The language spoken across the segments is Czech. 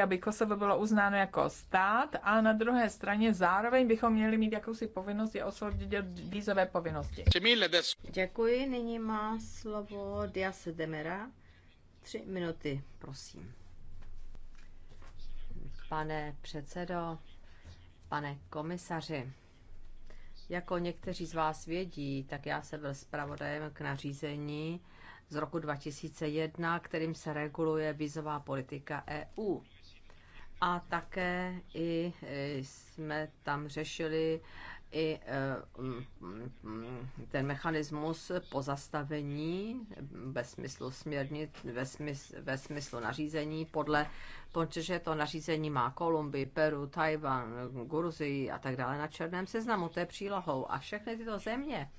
aby Kosovo bylo uznáno jako stát a na druhé straně zároveň bychom měli mít jakousi povinnost je osvobodit vízové povinnosti. Děkuji, nyní má slovo Dias Demera. Tři minuty, prosím. Pane předsedo, pane komisaři, jako někteří z vás vědí, tak já jsem byl zpravodajem k nařízení z roku 2001, kterým se reguluje vízová politika EU a také i e, jsme tam řešili i e, ten mechanismus pozastavení ve smyslu směrnit, ve, smysl, ve smyslu nařízení podle, protože to nařízení má Kolumbii, Peru, Tajvan, Gruzii a tak dále na černém seznamu, to je přílohou. A všechny tyto země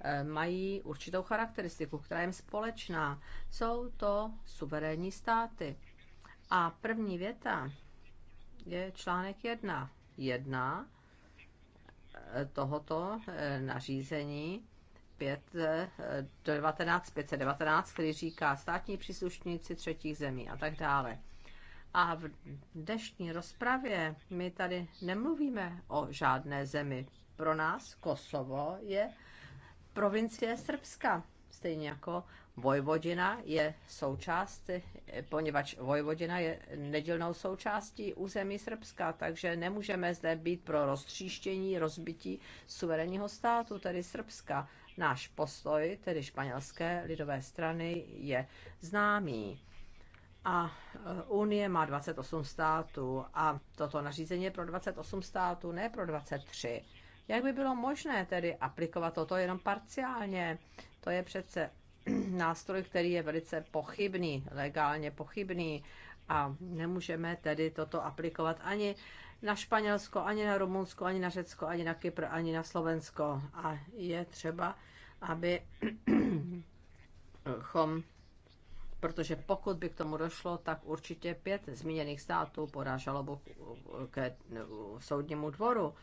e, mají určitou charakteristiku, která je společná. Jsou to suverénní státy. A první věta je článek 1. 1 eh, tohoto eh, nařízení 5, 19, 519, který říká státní příslušníci třetích zemí a tak dále. A v dnešní rozpravě my tady nemluvíme o žádné zemi. Pro nás Kosovo je provincie Srbska, stejně jako Vojvodina je součást, poněvadž Vojvodina je nedělnou součástí území Srbska, takže nemůžeme zde být pro roztříštění, rozbití suverénního státu, tedy Srbska. Náš postoj, tedy španělské lidové strany, je známý. A eh, Unie má 28 států a toto nařízení je pro 28 států, ne pro 23. Jak by bylo možné tedy aplikovat toto jenom parciálně? To je přece nástroj, který je velice pochybný, legálně pochybný a nemůžeme tedy toto aplikovat ani na Španělsko, ani na Rumunsko, ani na Řecko, ani na Kypr, ani na Slovensko. A je třeba, aby chom, protože pokud by k tomu došlo, tak určitě pět zmíněných států podá žalobu k soudnímu dvoru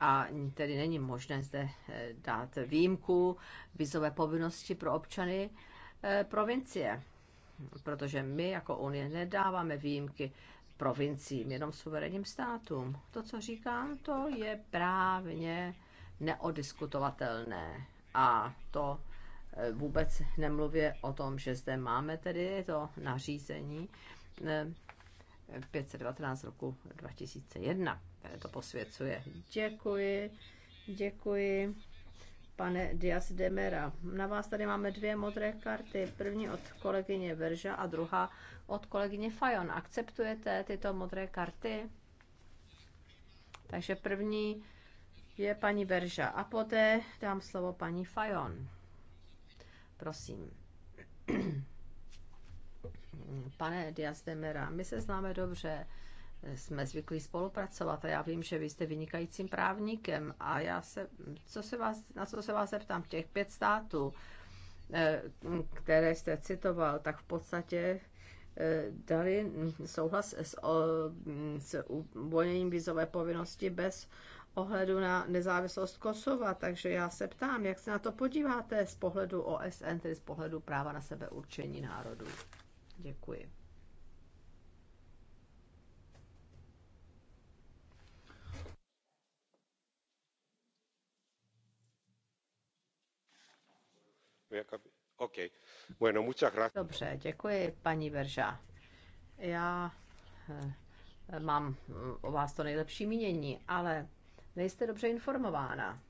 a tedy není možné zde eh, dát výjimku vizové povinnosti pro občany eh, provincie, protože my jako Unie nedáváme výjimky provinciím, jenom suverénním státům. To, co říkám, to je právně neodiskutovatelné. A to eh, vůbec nemluvě o tom, že zde máme tedy to nařízení 519 roku 2001 to posvěcuje. Děkuji, děkuji. Pane Dias Demera, na vás tady máme dvě modré karty. První od kolegyně Verža a druhá od kolegyně Fajon. Akceptujete tyto modré karty? Takže první je paní Verža a poté dám slovo paní Fajon. Prosím. Pane Dias Demera, my se známe dobře jsme zvyklí spolupracovat a já vím, že vy jste vynikajícím právníkem a já se, co se vás, na co se vás zeptám, těch pět států, eh, které jste citoval, tak v podstatě eh, dali souhlas s, o, s uvolněním vizové povinnosti bez ohledu na nezávislost Kosova. Takže já se ptám, jak se na to podíváte z pohledu OSN, tedy z pohledu práva na sebeurčení národů. Děkuji. Dobře, děkuji, paní Verža. Já eh, mám mm, o vás to nejlepší mínění, ale nejste dobře informována.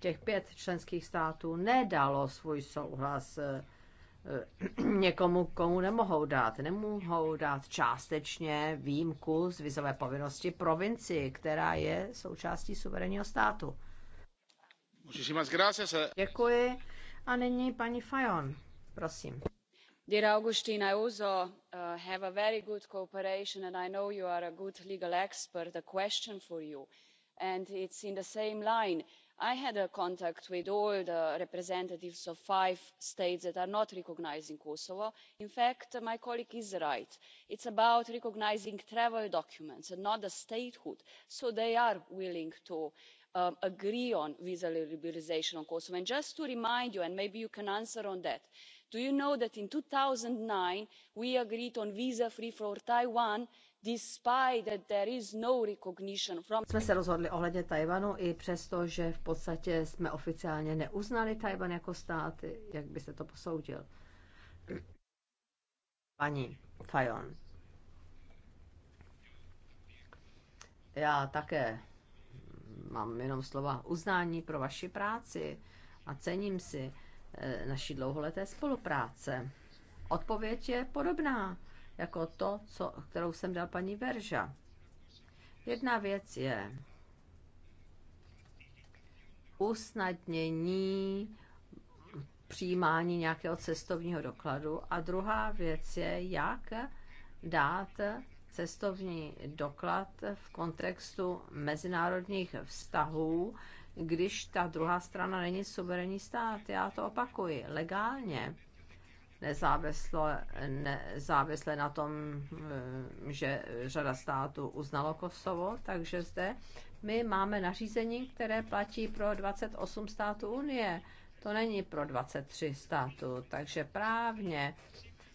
Těch pět členských států nedalo svůj souhlas eh, eh, někomu, komu nemohou dát. Nemohou dát částečně výjimku z vizové povinnosti provinci, která je součástí suverénního státu. Děkuji. A nyní paní Fajon, prosím. Dear Augustine, I also uh, have a very good cooperation and I know you are a good legal expert. A question for you, and it's in the same line. I had a contact with all the representatives of five states that are not recognising Kosovo. In fact, my colleague is right. It's about recognising travel documents and not the statehood. So they are willing to Um, agree on visa liberalisation on kosovo. and just to remind you and maybe you can answer on that do you know that in two thousand and nine we agreed on visa free for taiwan despite that there is no recognition from... jsme se rozhodli ohledně Tajvanu i přesto, že v podstatě jsme oficiálně neuznali Tajvan jako stát. Jak byste to posoudil? Paní Fajon. Já také mám jenom slova uznání pro vaši práci a cením si eh, naší dlouholeté spolupráce. Odpověď je podobná jako to, co, kterou jsem dal paní Verža. Jedna věc je usnadnění přijímání nějakého cestovního dokladu a druhá věc je, jak dát cestovní doklad v kontextu mezinárodních vztahů, když ta druhá strana není suverénní stát. Já to opakuji, legálně, nezávisle, nezávisle na tom, eh, že řada států uznalo Kosovo, takže zde my máme nařízení, které platí pro 28 států Unie. To není pro 23 států, takže právně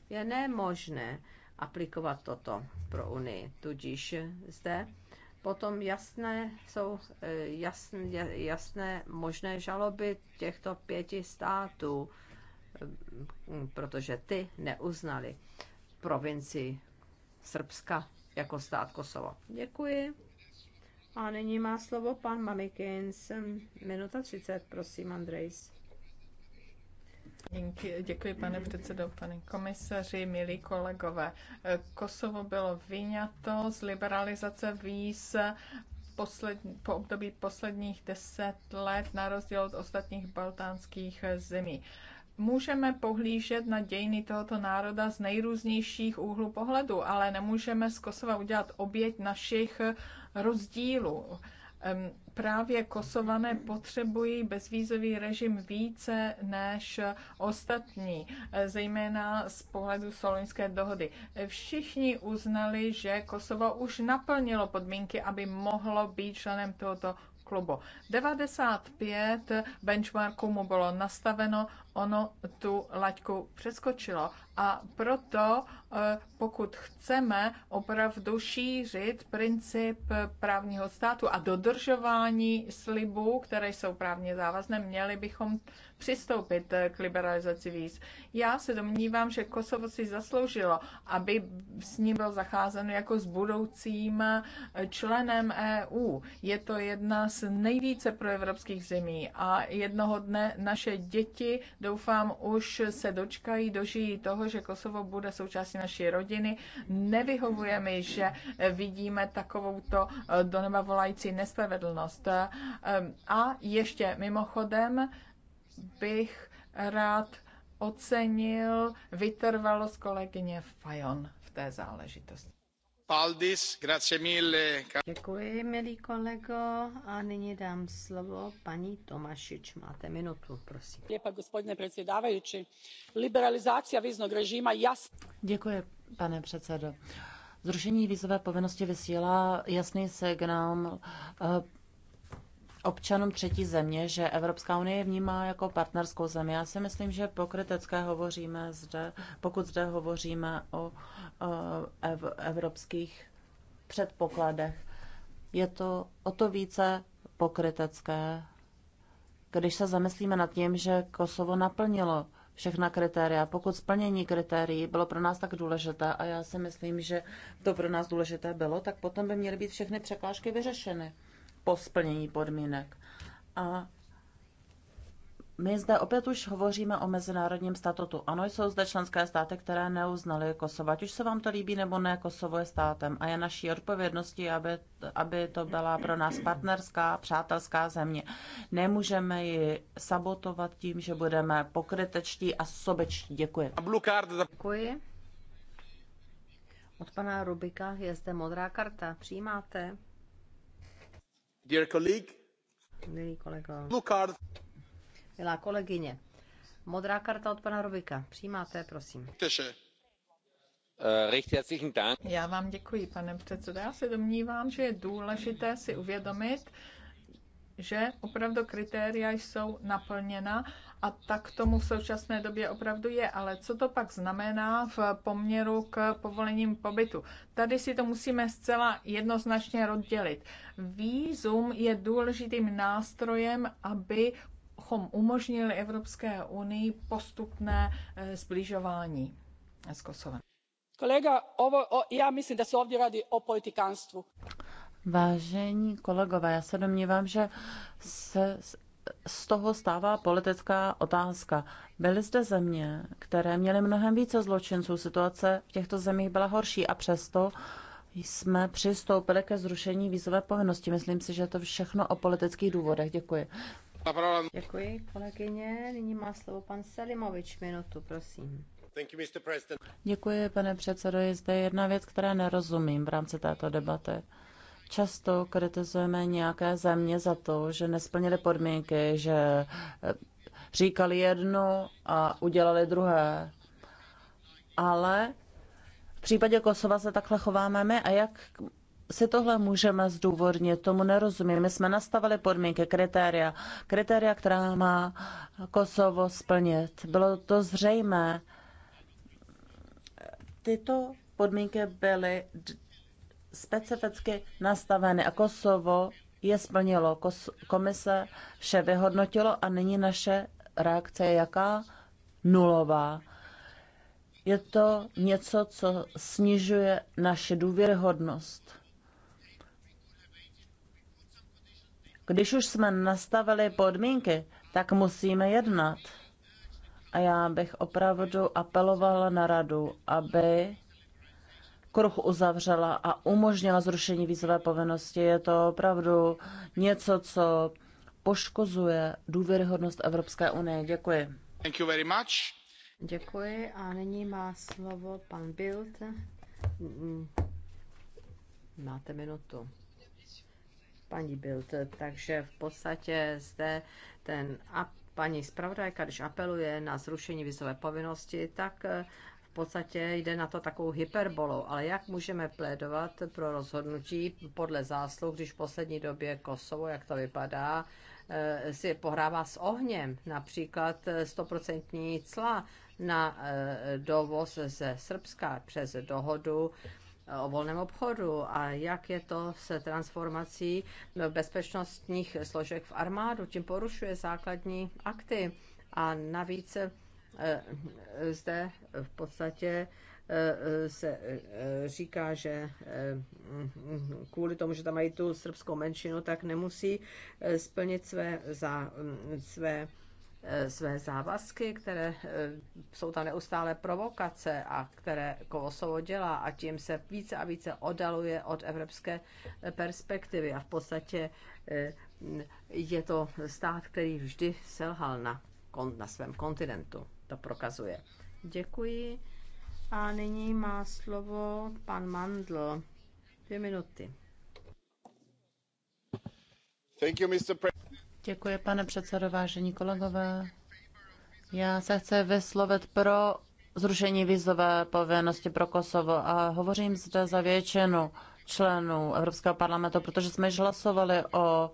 je nemožné aplikovat toto pro Unii. Tudíž zde potom jasné, jsou eh, jasné, jasné možné žaloby těchto pěti států, eh, protože ty neuznali provincii Srbska jako stát Kosovo. Děkuji. A nyní má slovo pan Mamikins. Minuta 30, prosím, Andrejs. Děkuji, děkuji pane předsedo, pane komisaři, milí kolegové. Kosovo bylo vyňato z liberalizace víz poslední, po období posledních deset let na rozdíl od ostatních baltánských zemí. Můžeme pohlížet na dějiny tohoto národa z nejrůznějších úhlů pohledu, ale nemůžeme z Kosova udělat oběť našich rozdílů právě Kosované potřebují bezvízový režim více než ostatní, e, zejména z pohledu Solunské dohody. Všichni uznali, že Kosovo už naplnilo podmínky, aby mohlo být členem tohoto klubu. 95 benchmarků mu bylo nastaveno, ono tu laťku přeskočilo. A proto, e, pokud chceme opravdu šířit princip právního státu a dodržování slibů, které jsou právně závazné, měli bychom přistoupit k liberalizaci víz. Já se domnívám, že Kosovo si zasloužilo, aby s ním byl zacházen jako s budoucím členem EU. Je to jedna z nejvíce proevropských zemí a jednoho dne naše děti Doufám, už se dočkají, dožijí toho, že Kosovo bude součástí naší rodiny. Nevyhovuje mi, že vidíme takovouto eh, do neba volající nespravedlnost. Eh, a ještě mimochodem bych rád ocenil vytrvalost kolegyně Fajon v té záležitosti. Paldies, Děkuji, milý kolego. A nyní dám slovo paní Tomašić. Máte minutu, prosím. Lijepa, gospodine predsjedavajući. Liberalizacija viznog režima jasno... Děkuji, pane předsedo. Zrušení vízové povinnosti vysílá jasný signál eh, občanům třetí země, že Evropská unie vnímá jako partnerskou zemi. Já si myslím, že pokrytecké hovoříme zde, pokud zde hovoříme o, ev, evropských předpokladech. Je to o to více pokrytecké, když se zamyslíme nad tím, že Kosovo naplnilo všechna kritéria. Pokud splnění kritérií bylo pro nás tak důležité, a já si myslím, že to pro nás důležité bylo, tak potom by měly být všechny překážky vyřešeny po splnění podmínek. A my zde opět už hovoříme o mezinárodním statutu. Ano, jsou zde členské státy, které neuznaly Kosovo. Ať už se vám to líbí nebo ne, Kosovo je státem a je naší odpovědností, aby, aby to byla pro nás partnerská, přátelská země. Nemůžeme ji sabotovat tím, že budeme pokrytečtí a sobečtí. Děkuji. Děkuji. Od pana Rubika je zde modrá karta. Přijímáte? Milá kolegyně, modrá karta od pana Rubika. Přijímáte, prosím. Eh, Já vám děkuji, pane předsedo. Já se domnívám, že je důležité si uvědomit, že opravdu kritéria jsou naplněna a tak tomu v současné době opravdu je. Ale co to pak znamená v poměru k povolením pobytu? Tady si to musíme zcela jednoznačně rozdělit. Výzum je důležitým nástrojem, chom umožnili Evropské unii postupné eh, zbližování s Kosovem. Kolega, ovo, o, já myslím, že se ovdje radi o politikanstvu Vážení kolegové, já se domnívám, že se z toho stává politická otázka. Byly zde země, které měly mnohem více zločinců, situace v těchto zemích byla horší a přesto jsme přistoupili ke zrušení vízové povinnosti. Myslím si, že je to všechno o politických důvodech. Děkuji. Děkuji, kolegyně. Nyní má slovo pan Selimovič. Minutu, prosím. Děkuji, pane předsedo. Je zde jedna věc, které nerozumím v rámci této debaty. Často kritizujeme nějaké země za to, že nesplnili podmínky, že eh, říkali jedno a udělali druhé. Ale v případě Kosova se takhle chováme my a jak si tohle můžeme zdůvodnit, tomu nerozumím. My jsme nastavili podmínky, kritéria, kritéria, která má Kosovo splnit. Bylo to zřejmé. Tyto podmínky byly specificky nastaveny a Kosovo je splnilo. Kos- komise vše vyhodnotilo a nyní naše reakce je jaká? Nulová. Je to něco, co snižuje naši důvěryhodnost. Když už jsme nastavili podmínky, tak musíme jednat. A já bych opravdu apelovala na radu, aby kruh uzavřela a umožnila zrušení vízové povinnosti. Je to opravdu něco, co poškozuje důvěryhodnost Evropské unie. Děkuji. Thank you very much. Děkuji a nyní má slovo pan Bild. Máte minutu paní Bild. Takže v podstatě zde ten a paní zpravodajka, když apeluje na zrušení vizové povinnosti, tak podstatě jde na to takovou hyperbolou, ale jak můžeme plédovat pro rozhodnutí podle zásluh, když v poslední době Kosovo, jak to vypadá, eh, si pohrává s ohněm, například 100% cla na eh, dovoz ze Srbska přes dohodu eh, o volném obchodu a jak je to s transformací bezpečnostních složek v armádu, tím porušuje základní akty a navíc Eh, eh, zde v podstatě eh, se říká, že kvůli tomu, že tam mají tu srbskou menšinu, tak nemusí splnit své, zá, hm, své, své závazky, které jsou tam neustále provokace a které Kosovo dělá a tím se více a více odaluje od evropské perspektivy a v podstatě je to stát, který vždy selhal na na svém kontinentu. To prokazuje. Děkuji. A nyní má slovo pan Mandl. Dvě minuty. Thank you, Mr. President. Děkuji, pane předsedo, vážení kolegové. Já se chci vyslovit pro zrušení vízové povinnosti pro Kosovo a hovořím zde za většinu členů Evropského parlamentu, protože jsme již hlasovali o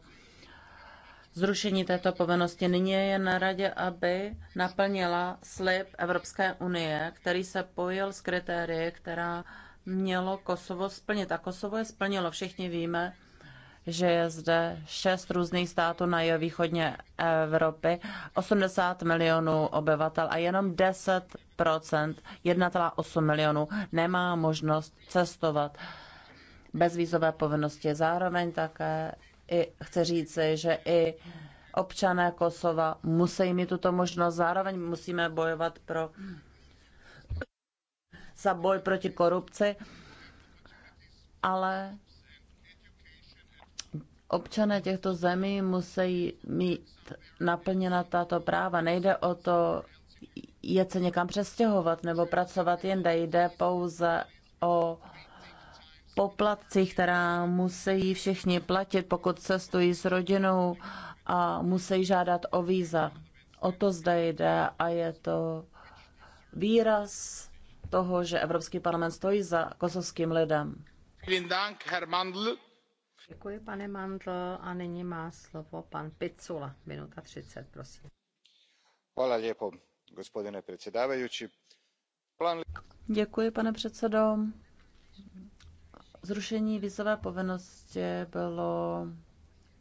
zrušení této povinnosti. Nyní je na radě, aby naplnila slib Evropské unie, který se pojil s kritérii, která mělo Kosovo splnit. A Kosovo je splnilo. Všichni víme, že je zde šest různých států na jihovýchodně Evropy, 80 milionů obyvatel a jenom 10 1,8 milionů nemá možnost cestovat bez vízové povinnosti. Zároveň také i chci říci, že i občané Kosova musí mít tuto možnost. Zároveň musíme bojovat pro, za boj proti korupci, ale občané těchto zemí musí mít naplněna tato práva. Nejde o to jet se někam přestěhovat nebo pracovat jinde. Jde pouze o poplatcích, která musí všichni platit, pokud cestují s rodinou a musí žádat o víza. O to zde jde a je to výraz toho, že Evropský parlament stojí za kosovským lidem. Děkuji, pane Mandl. A nyní má slovo pan Picula. Minuta 30, prosím. Hvala lijepo, gospodine predsjedavajući. Děkuji, pane předsedo zrušení vízové povinnosti bylo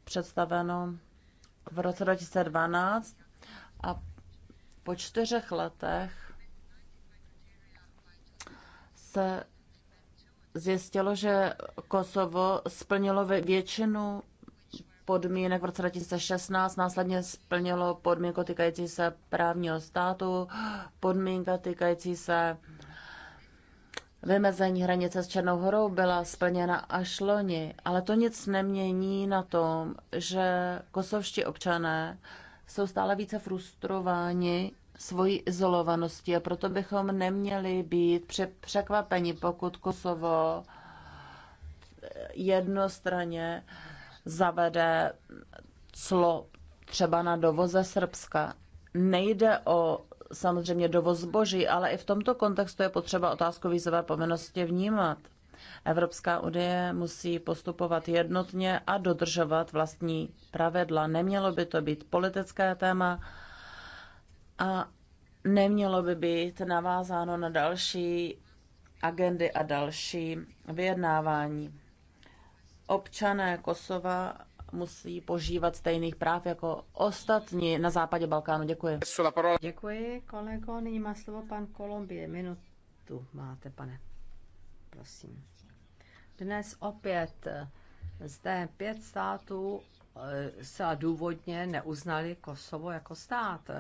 představeno v roce 2012 a po čtyřech letech se zjistilo, že Kosovo splnilo většinu podmínek v roce 2016, následně splnilo podmínku týkající se právního státu, podmínka týkající se uh, Vymezení hranice s Černou horou byla splněna až loni, ale to nic nemění na tom, že kosovští občané jsou stále více frustrováni svojí izolovaností a proto bychom neměli být překvapeni, pokud Kosovo jednostranně zavede clo třeba na dovoze Srbska. Nejde o samozřejmě dovoz zboží, ale i v tomto kontextu je potřeba otázku vízové povinnosti vnímat. Evropská unie musí postupovat jednotně a dodržovat vlastní pravidla. Nemělo by to být politické téma a nemělo by být navázáno na další agendy a další vyjednávání. Občané Kosova musí požívat stejných práv jako ostatní na západě Balkánu. Děkuji. Děkuji, kolego. Nyní má slovo pan Kolumbie. Minutu máte, pane. Prosím. Dnes opět eh, zde pět států eh, se důvodně neuznali Kosovo jako stát.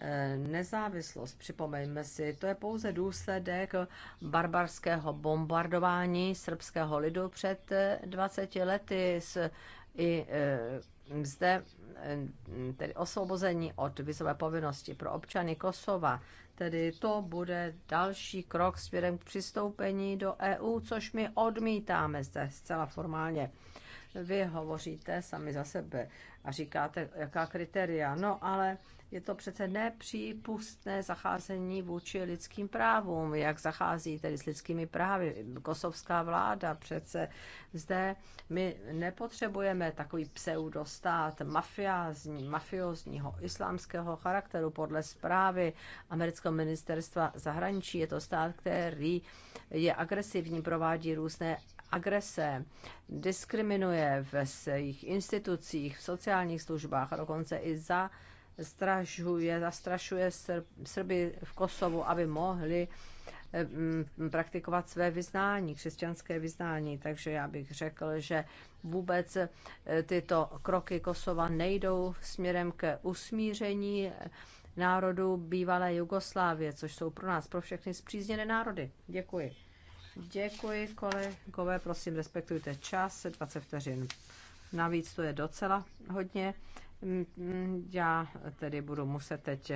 Eh, nezávislost, připomeňme si, to je pouze důsledek barbarského bombardování srbského lidu před 20 lety s i e, zde e, tedy osvobození od vizové povinnosti pro občany Kosova. Tedy to bude další krok směrem k přistoupení do EU, což my odmítáme zde zcela formálně. Vy hovoříte sami za sebe a říkáte, jaká kritéria. No ale je to přece nepřípustné zacházení vůči lidským právům. Jak zachází tedy s lidskými právy? Kosovská vláda přece zde my nepotřebujeme takový pseudostát mafiázní, mafiozního islámského charakteru podle zprávy amerického ministerstva zahraničí. Je to stát, který je agresivní, provádí různé agrese, diskriminuje ve svých institucích, v sociálních službách a dokonce i za strašuje, zastrašuje Srby v Kosovu, aby mohli mm, praktikovat své vyznání, křesťanské vyznání. Takže já bych řekl, že vůbec e, tyto kroky Kosova nejdou směrem ke usmíření národů bývalé Jugoslávie, což jsou pro nás, pro všechny zpřízněné národy. Děkuji. Děkuji, kolegové, prosím, respektujte čas, 20 vteřin. Navíc to je docela hodně. Já tedy budu muset teď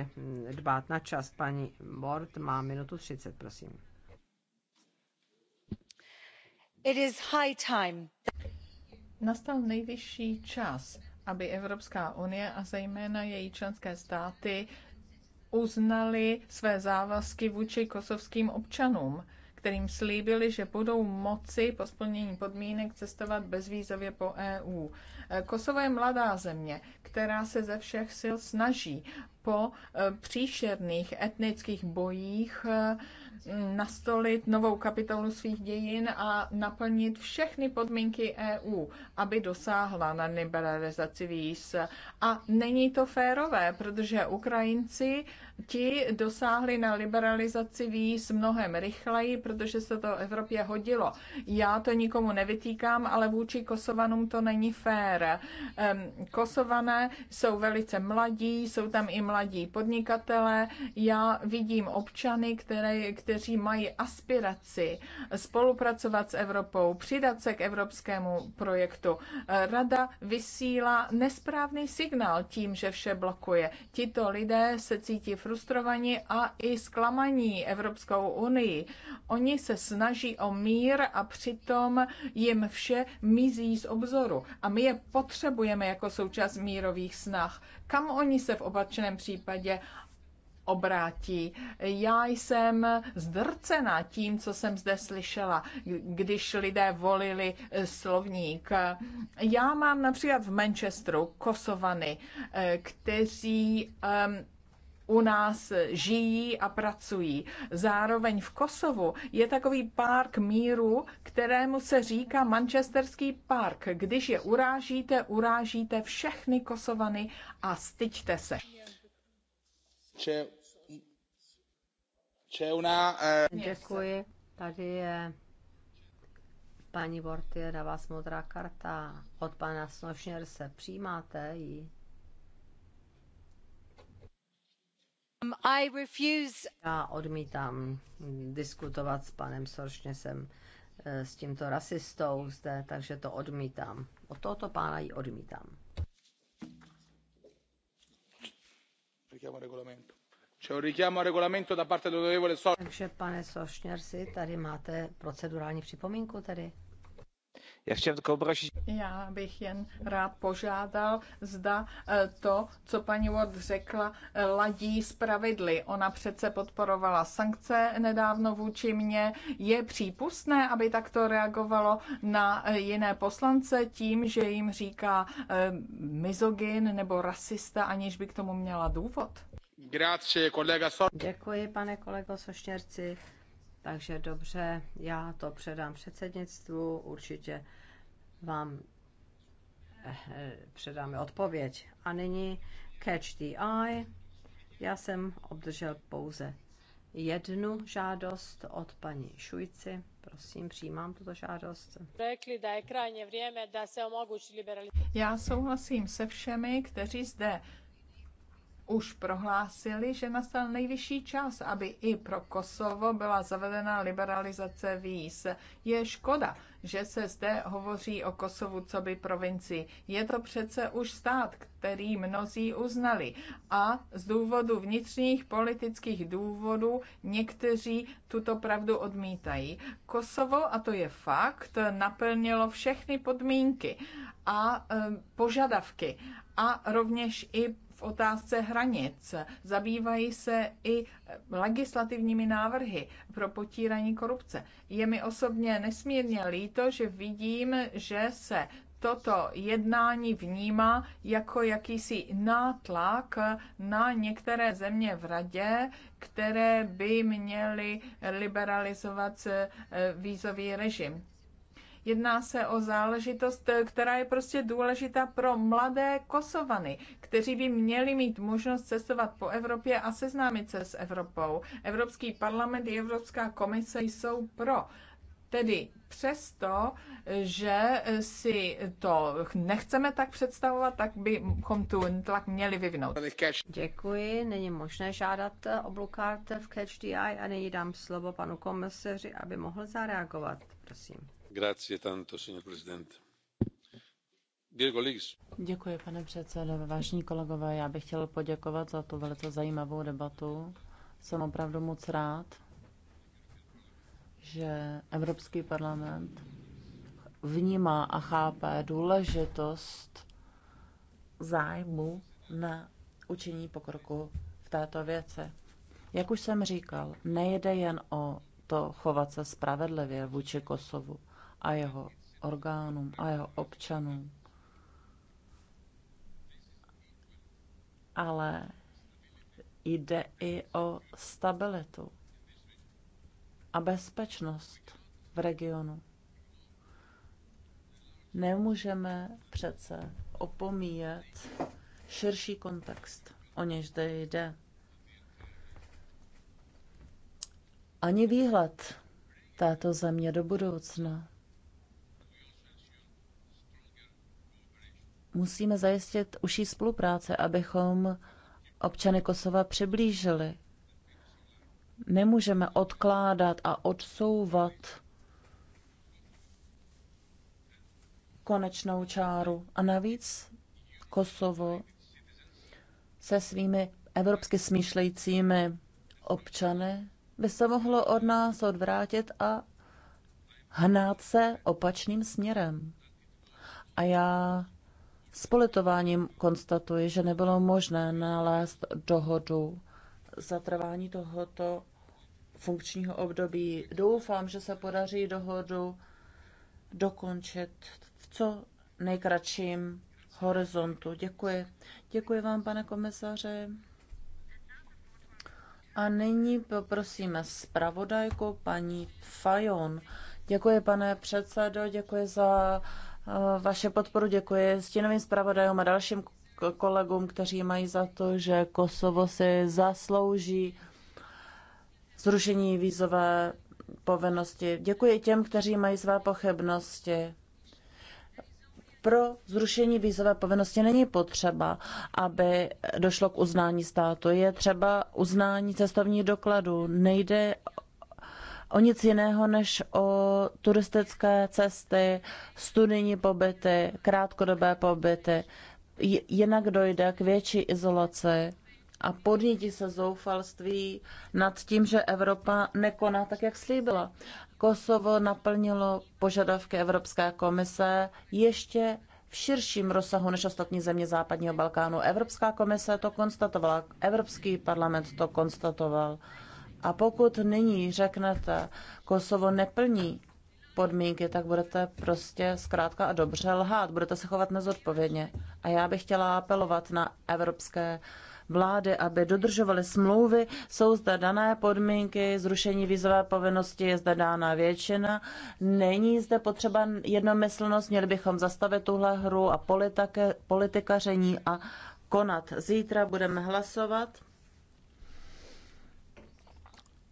dbát na čas. Paní Bord má minutu 30, prosím. It is high time. Nastal nejvyšší čas, aby Evropská unie a zejména její členské státy uznali své závazky vůči kosovským občanům kterým slíbili, že budou moci po splnění podmínek cestovat bezvýzově po EU. Kosovo je mladá země, která se ze všech sil snaží po e, příšerných etnických bojích e, nastolit novou kapitolu svých dějin a naplnit všechny podmínky EU, aby dosáhla na liberalizaci víz. A není to férové, protože Ukrajinci ti dosáhli na liberalizaci víz mnohem rychleji, protože se to Evropě hodilo. Já to nikomu nevytýkám, ale vůči Kosovanům to není fér. Kosované jsou velice mladí, jsou tam i mladí podnikatelé. Já vidím občany, které, kteří mají aspiraci spolupracovat s Evropou, přidat se k evropskému projektu. Rada vysílá nesprávný signál tím, že vše blokuje. Tito lidé se cítí frustrovaní frustrovaní a i zklamaní Evropskou unii. Oni se snaží o mír a přitom jim vše mizí z obzoru. A my je potřebujeme jako součást mírových snah. Kam oni se v opačném případě obrátí. Já jsem zdrcená tím, co jsem zde slyšela, když lidé volili eh, slovník. Já mám například v Manchesteru kosovany, eh, kteří u nás žijí a pracují. Zároveň v Kosovu je takový park míru, kterému se říká Manchesterský park. Když je urážíte, urážíte všechny Kosovany a styďte se. Eh, Děkuji. Tady je paní Bortier na vás modrá karta od pana se Přijímáte ji? Um, Já odmítám diskutovat s panem Soršněsem, eh, s tímto rasistou zde, takže to odmítám. O tohoto pána ji odmítám. Takže pane Sošněrsi, tady máte procedurální připomínku tedy? Já chtěl tylko obrožit... Já bych jen rád požádal, zda eh, to, co paní Ward řekla, eh, ladí s pravidly. Ona přece podporovala sankce nedávno vůči mně. Je přípustné, aby takto reagovalo na eh, jiné poslance tím, že jim říká mizogin nebo rasista, aniž by k tomu měla důvod? Grazie, kolega Děkuji, pane kolego Soštěrci. Takže dobře, já to předám předsednictvu, určitě vám eh, předáme odpověď. A nyní catch the eye. Já jsem obdržel pouze jednu žádost od paní Šujci. Prosím, přijímám tuto žádost. Řekli, je se Já souhlasím se všemi, kteří zde už prohlásili, že nastal nejvyšší čas, aby i pro Kosovo byla zavedena liberalizace víz. Je škoda, že se zde hovoří o Kosovu co by provinci. Je to přece už stát, který mnozí uznali. A z důvodu vnitřních politických důvodů někteří tuto pravdu odmítají. Kosovo, a to je fakt, naplnilo všechny podmínky a e, požadavky a rovněž i v otázce hranic. Zabývají se i legislativními návrhy pro potírání korupce. Je mi osobně nesmírně líto, že vidím, že se toto jednání vnímá jako jakýsi nátlak na některé země v radě, které by měly liberalizovat eh, vízový režim. Jedná se o záležitost, která je prostě důležitá pro mladé Kosovany, kteří by měli mít možnost cestovat po Evropě a seznámit se s Evropou. Evropský parlament i Evropská komise jsou pro. Tedy přesto, že si to nechceme tak představovat, tak bychom tu tlak měli vyvinout. Děkuji, není možné žádat o blue v Catch DI a nyní dám slovo panu komisaři, aby mohl zareagovat. Prosím. Děkuji, pane předsedající. já bych chtěl poděkovat za tu velice zajímavou debatu. Jsem opravdu moc rád, že Evropský parlament vnímá a chápe důležitost zájmu na učení pokroku v této věci. Jak už jsem říkal, nejde jen o to chovat se spravedlivě vůči Kosovu a jeho orgánům a jeho občanům. Ale jde i o stabilitu a bezpečnost v regionu. Nemůžeme přece opomíjet širší kontext, o něž zde jde. Ani výhled této země do budoucna musíme zajistit užší spolupráce, abychom občany Kosova přiblížili. Nemůžeme odkládat a odsouvat konečnou čáru. A navíc Kosovo se svými evropsky smýšlejícími občany by se mohlo od nás odvrátit a hnát se opačným směrem. A já s politováním konstatuji, že nebylo možné nalézt dohodu zatrvání tohoto funkčního období. Doufám, že se podaří dohodu dokončit v co nejkratším horizontu. Děkuji. Děkuji vám, pane komisaři. A nyní poprosíme zpravodajku paní Fajon. Děkuji, pane předsedo, děkuji za Eh, vaše podporu. Děkuji stínovým zpravodajům a dalším kolegům, kteří mají za to, že Kosovo si zaslouží zrušení vízové povinnosti. Děkuji těm, kteří mají své pochybnosti. Pro zrušení vízové povinnosti není potřeba, aby došlo k uznání státu. Je třeba uznání cestovních dokladů. Nejde o nic jiného než o turistické cesty, studijní pobyty, krátkodobé pobyty. Jinak dojde k větší izolaci a podnítí se zoufalství nad tím, že Evropa nekoná tak, jak slíbila. Kosovo naplnilo požadavky Evropské komise ještě v širším rozsahu než ostatní země západního Balkánu. Evropská komise to konstatovala, Evropský parlament to konstatoval. A pokud nyní řeknete, Kosovo neplní podmínky, tak budete prostě zkrátka a dobře lhát, budete se chovat nezodpovědně. A já bych chtěla apelovat na evropské vlády, aby dodržovaly smlouvy. Jsou zde dané podmínky, zrušení vízové povinnosti je zde dána většina. Není zde potřeba jednomyslnost, měli bychom zastavit tuhle hru a politike, politikaření a konat. Zítra budeme hlasovat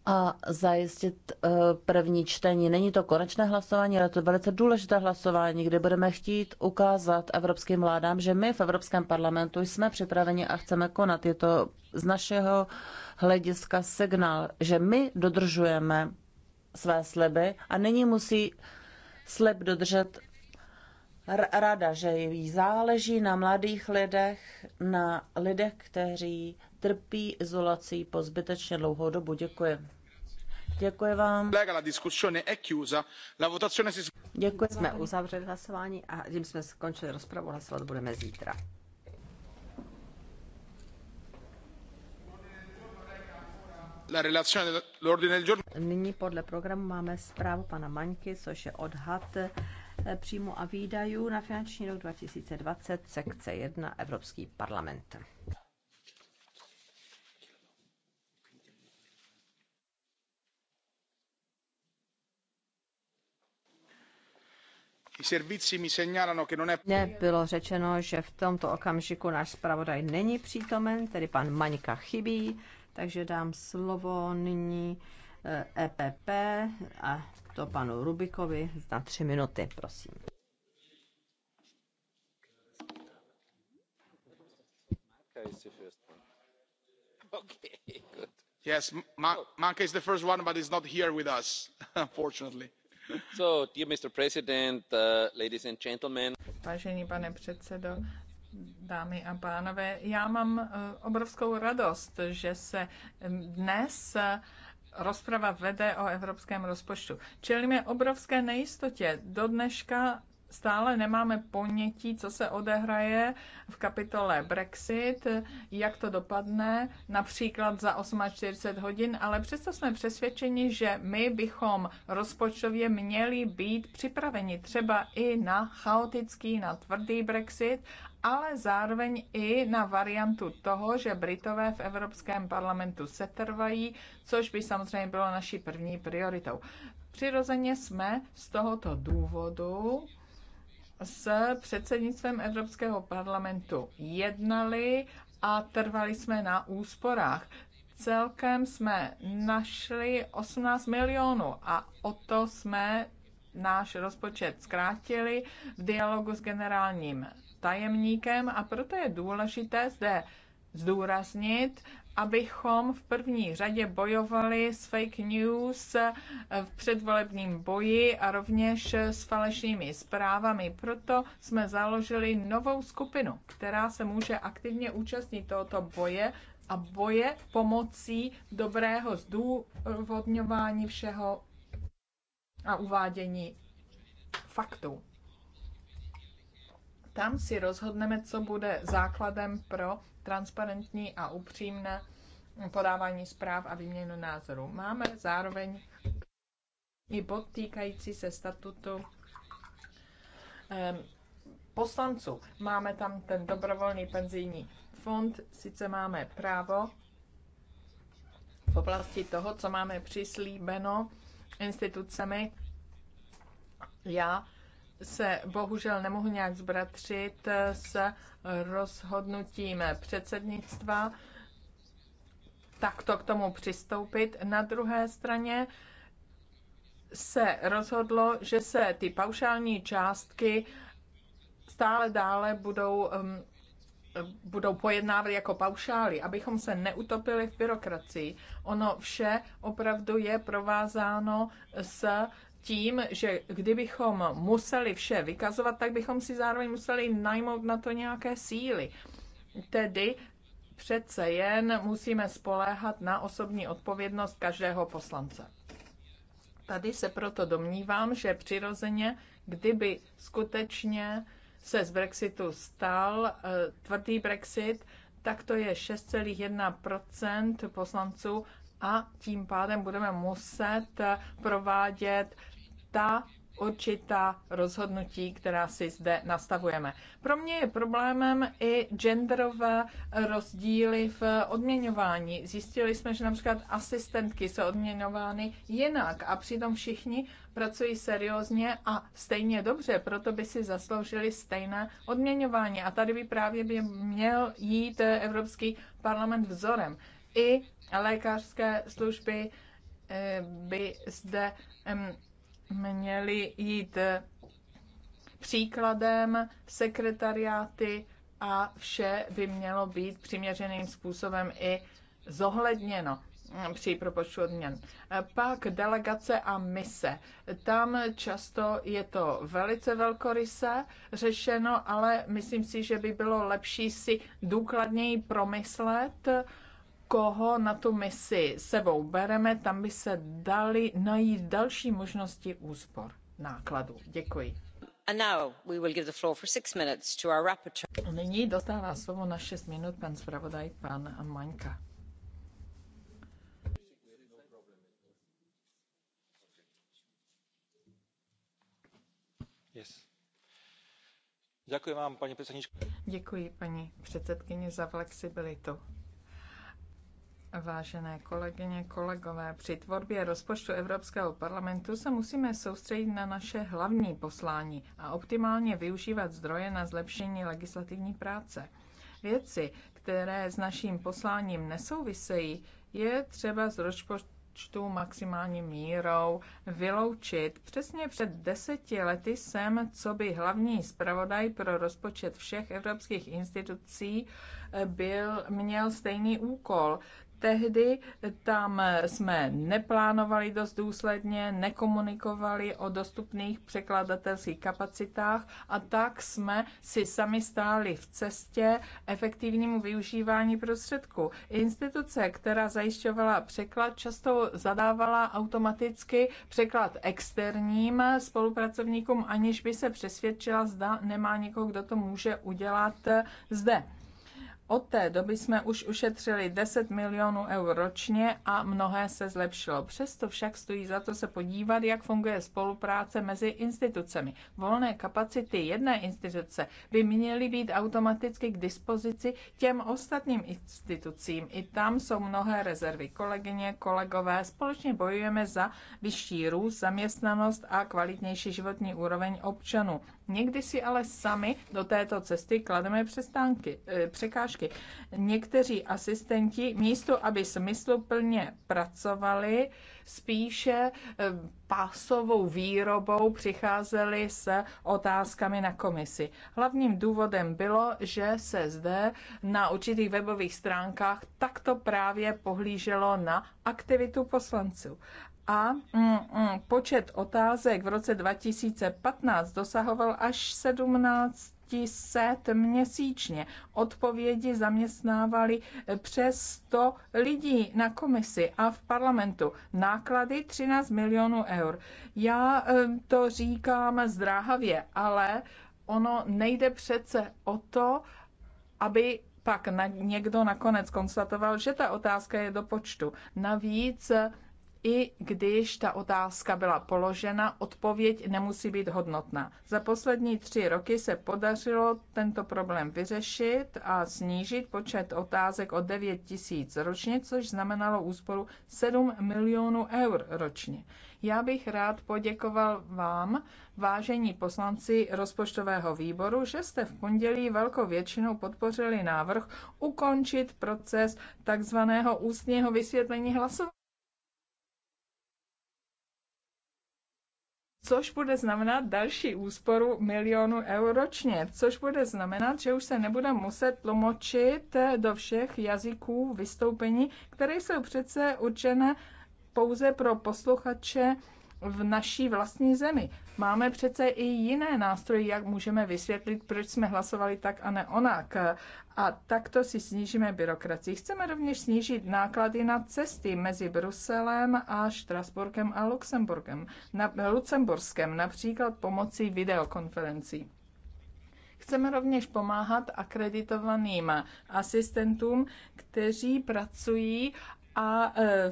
a zajistit e, první čtení. Není to konečné hlasování, ale to je velice důležité hlasování, kde budeme chtít ukázat evropským vládám, že my v Evropském parlamentu jsme připraveni a chceme konat. Je to z našeho hlediska signál, že my dodržujeme své sliby a nyní musí slib dodržet rada, že jí záleží na mladých lidech, na lidech, kteří trpí izolací po zbytečně dlouhou dobu. Děkuji. Děkuji La discussione è chiusa. La votazione si... Děkuji. Jsme uzavřeli hlasování a tím jsme skončili rozpravu. Hlasovat budeme zítra. Nyní podle programu máme zprávu pana Maňky, což je odhad eh, příjmu a výdajů na finanční rok 2020, sekce 1, Evropský parlament. Nebylo bylo řečeno, že v tomto okamžiku náš zpravodaj není přítomen, tedy pan Maňka chybí, takže dám slovo nyní EPP eh, e a to panu Rubikovi na tři minuty, prosím. yes, Ma Manka is the first one, but he's not here with us, unfortunately. Uh, Vážený pane předsedo, dámy a pánové, já mám uh, obrovskou radost, že se um, dnes uh, rozprava vede o evropském rozpočtu. Čelíme obrovské nejistotě. Do dneška stále nemáme ponětí, co se odehraje v kapitole Brexit, jak to dopadne, například za 48 hodin, ale přesto jsme přesvědčeni, že my bychom rozpočtově měli být připraveni třeba i na chaotický, na tvrdý Brexit, ale zároveň i na variantu toho, že Britové v Evropském parlamentu setrvají, což by samozřejmě bylo naší první prioritou. Přirozeně jsme z tohoto důvodu s předsednictvem Evropského parlamentu jednali a trvali jsme na úsporách. Celkem jsme našli 18 milionů a o to jsme náš rozpočet zkrátili v dialogu s generálním tajemníkem a proto je důležité zde zdůraznit, abychom v první řadě bojovali s fake news v předvolebním boji a rovněž s falešnými zprávami. Proto jsme založili novou skupinu, která se může aktivně účastnit tohoto boje a boje pomocí dobrého zdůvodňování všeho a uvádění faktů. Tam si rozhodneme, co bude základem pro transparentní a upřímné podávání zpráv a výměnu názorů. Máme zároveň i bod týkající se statutu ehm, poslanců. Máme tam ten dobrovolný penzijní fond, sice máme právo v oblasti toho, co máme přislíbeno institucemi. Já se bohužel nemohu nějak zbratřit s rozhodnutím předsednictva takto k tomu přistoupit. Na druhé straně se rozhodlo, že se ty paušální částky stále dále budou, um, budou pojednávat jako paušály, abychom se neutopili v byrokracii. Ono vše opravdu je provázáno s tím, že kdybychom museli vše vykazovat, tak bychom si zároveň museli najmout na to nějaké síly. Tedy přece jen musíme spoléhat na osobní odpovědnost každého poslance. Tady se proto domnívám, že přirozeně, kdyby skutečně se z Brexitu stal eh, tvrdý Brexit, tak to je 6,1 poslanců a tím pádem budeme muset provádět ta určitá rozhodnutí, která si zde nastavujeme. Pro mě je problémem i genderové rozdíly v odměňování. Zjistili jsme, že například asistentky jsou odměňovány jinak a přitom všichni pracují seriózně a stejně dobře, proto by si zasloužili stejné odměňování. A tady by právě by měl jít Evropský parlament vzorem. I lékařské služby eh, by zde měly jít eh, příkladem sekretariáty a vše by mělo být přiměřeným způsobem i zohledněno eh, při propočtu odměn. Pak delegace a mise. Tam často je to velice velkoryse řešeno, ale myslím si, že by bylo lepší si důkladněji promyslet, koho na tu misi sebou bereme, tam by se dali najít další možnosti úspor nákladů. Děkuji. Nyní dostává slovo na 6 minut pan zpravodaj, pan Maňka. Yes. Děkuji vám, paní předsedničko. Děkuji, paní předsedkyně, za flexibilitu Vážené kolegyně, kolegové, při tvorbě rozpočtu Evropského parlamentu se musíme soustředit na naše hlavní poslání a optimálně využívat zdroje na zlepšení legislativní práce. Věci, které s naším posláním nesouvisejí, je třeba z rozpočtu maximální mírou vyloučit. Přesně před deseti lety jsem, co by hlavní zpravodaj pro rozpočet všech evropských institucí, byl, měl stejný úkol. Tehdy tam jsme neplánovali dost důsledně, nekomunikovali o dostupných překladatelských kapacitách a tak jsme si sami stáli v cestě efektivnímu využívání prostředků. Instituce, která zajišťovala překlad, často zadávala automaticky překlad externím spolupracovníkům, aniž by se přesvědčila, zda nemá někoho, kdo to může udělat zde od té doby jsme už ušetřili 10 milionů eur ročně a mnohé se zlepšilo. Přesto však stojí za to se podívat, jak funguje spolupráce mezi institucemi. Volné kapacity jedné instituce by měly být automaticky k dispozici těm ostatním institucím. I tam jsou mnohé rezervy. Kolegyně, kolegové, společně bojujeme za vyšší růst, zaměstnanost a kvalitnější životní úroveň občanů. Někdy si ale sami do této cesty klademe přestánky, eh, překážky. Někteří asistenti místo, aby smysluplně pracovali, spíše eh, pásovou výrobou přicházeli s otázkami na komisi. Hlavním důvodem bylo, že se zde na určitých webových stránkách takto právě pohlíželo na aktivitu poslanců a mm, mm, počet otázek v roce 2015 dosahoval až 17 set měsíčně. Odpovědi zaměstnávali přes 100 lidí na komisi a v parlamentu. Náklady 13 milionů eur. Já to říkám zdráhavě, ale ono nejde přece o to, aby pak někdo nakonec konstatoval, že ta otázka je do počtu. Navíc i když ta otázka byla položena, odpověď nemusí být hodnotná. Za poslední tři roky se podařilo tento problém vyřešit a snížit počet otázek o 9 tisíc ročně, což znamenalo úsporu 7 milionů eur ročně. Já bych rád poděkoval vám, vážení poslanci rozpočtového výboru, že jste v pondělí velkou většinou podpořili návrh ukončit proces takzvaného ústního vysvětlení hlasování což bude znamenat další úsporu milionu eur ročně, což bude znamenat, že už se nebude muset tlumočit do všech jazyků vystoupení, které jsou přece určené pouze pro posluchače v naší vlastní zemi. Máme přece i jiné nástroje, jak můžeme vysvětlit, proč jsme hlasovali tak a ne onak. A takto si snížíme byrokracii. Chceme rovněž snížit náklady na cesty mezi Bruselem a Štrasburkem a Luxemburgem. Na, Lucemburskem například pomocí videokonferencí. Chceme rovněž pomáhat akreditovaným asistentům, kteří pracují a e,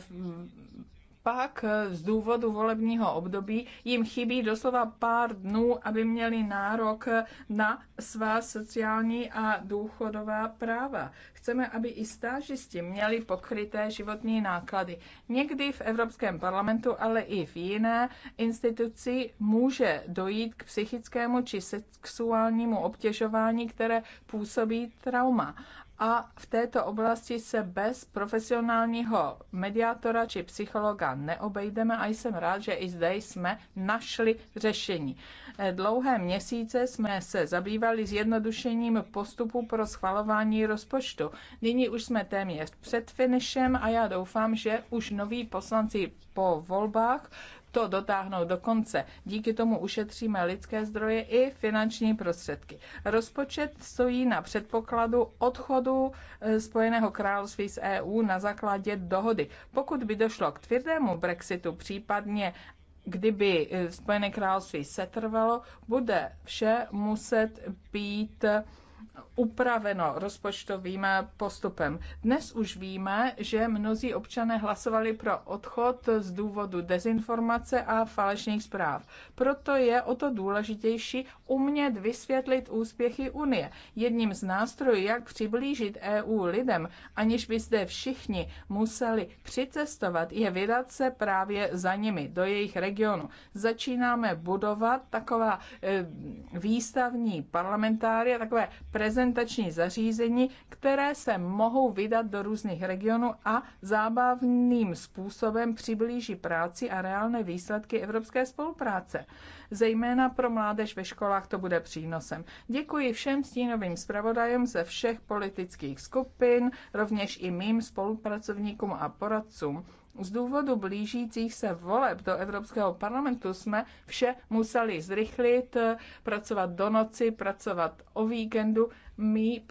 pak eh, z důvodu volebního období jim chybí doslova pár dnů, aby měli nárok na svá sociální a důchodová práva. Chceme, aby i stážisti měli pokryté životní náklady. Někdy v Evropském parlamentu, ale i v jiné instituci může dojít k psychickému či sexuálnímu obtěžování, které působí trauma a v této oblasti se bez profesionálního mediátora či psychologa neobejdeme a jsem rád, že i zde jsme našli řešení. Eh, dlouhé měsíce jsme se zabývali zjednodušením postupu pro schvalování rozpočtu. Nyní už jsme téměř před finišem a já doufám, že už noví poslanci po volbách to dotáhnout do konce. Díky tomu ušetříme lidské zdroje i finanční prostředky. Rozpočet stojí na předpokladu odchodu e, Spojeného království z EU na základě dohody. Pokud by došlo k tvrdému Brexitu, případně kdyby e, Spojené království setrvalo, bude vše muset být upraveno rozpočtovým postupem. Dnes už víme, že mnozí občané hlasovali pro odchod z důvodu dezinformace a falešných zpráv. Proto je o to důležitější umět vysvětlit úspěchy Unie. Jedním z nástrojů, jak přiblížit EU lidem, aniž by zde všichni museli přicestovat, je vydat se právě za nimi, do jejich regionu. Začínáme budovat taková eh, výstavní parlamentária, takové pre prezentační zařízení, které se mohou vydat do různých regionů a zábavným způsobem přiblíží práci a reálné výsledky evropské spolupráce. Zejména pro mládež ve školách to bude přínosem. Děkuji všem stínovým zpravodajům ze všech politických skupin, rovněž i mým spolupracovníkům a poradcům z důvodu blížících se voleb do Evropského parlamentu jsme vše museli zrychlit, pracovat do noci, pracovat o víkendu. My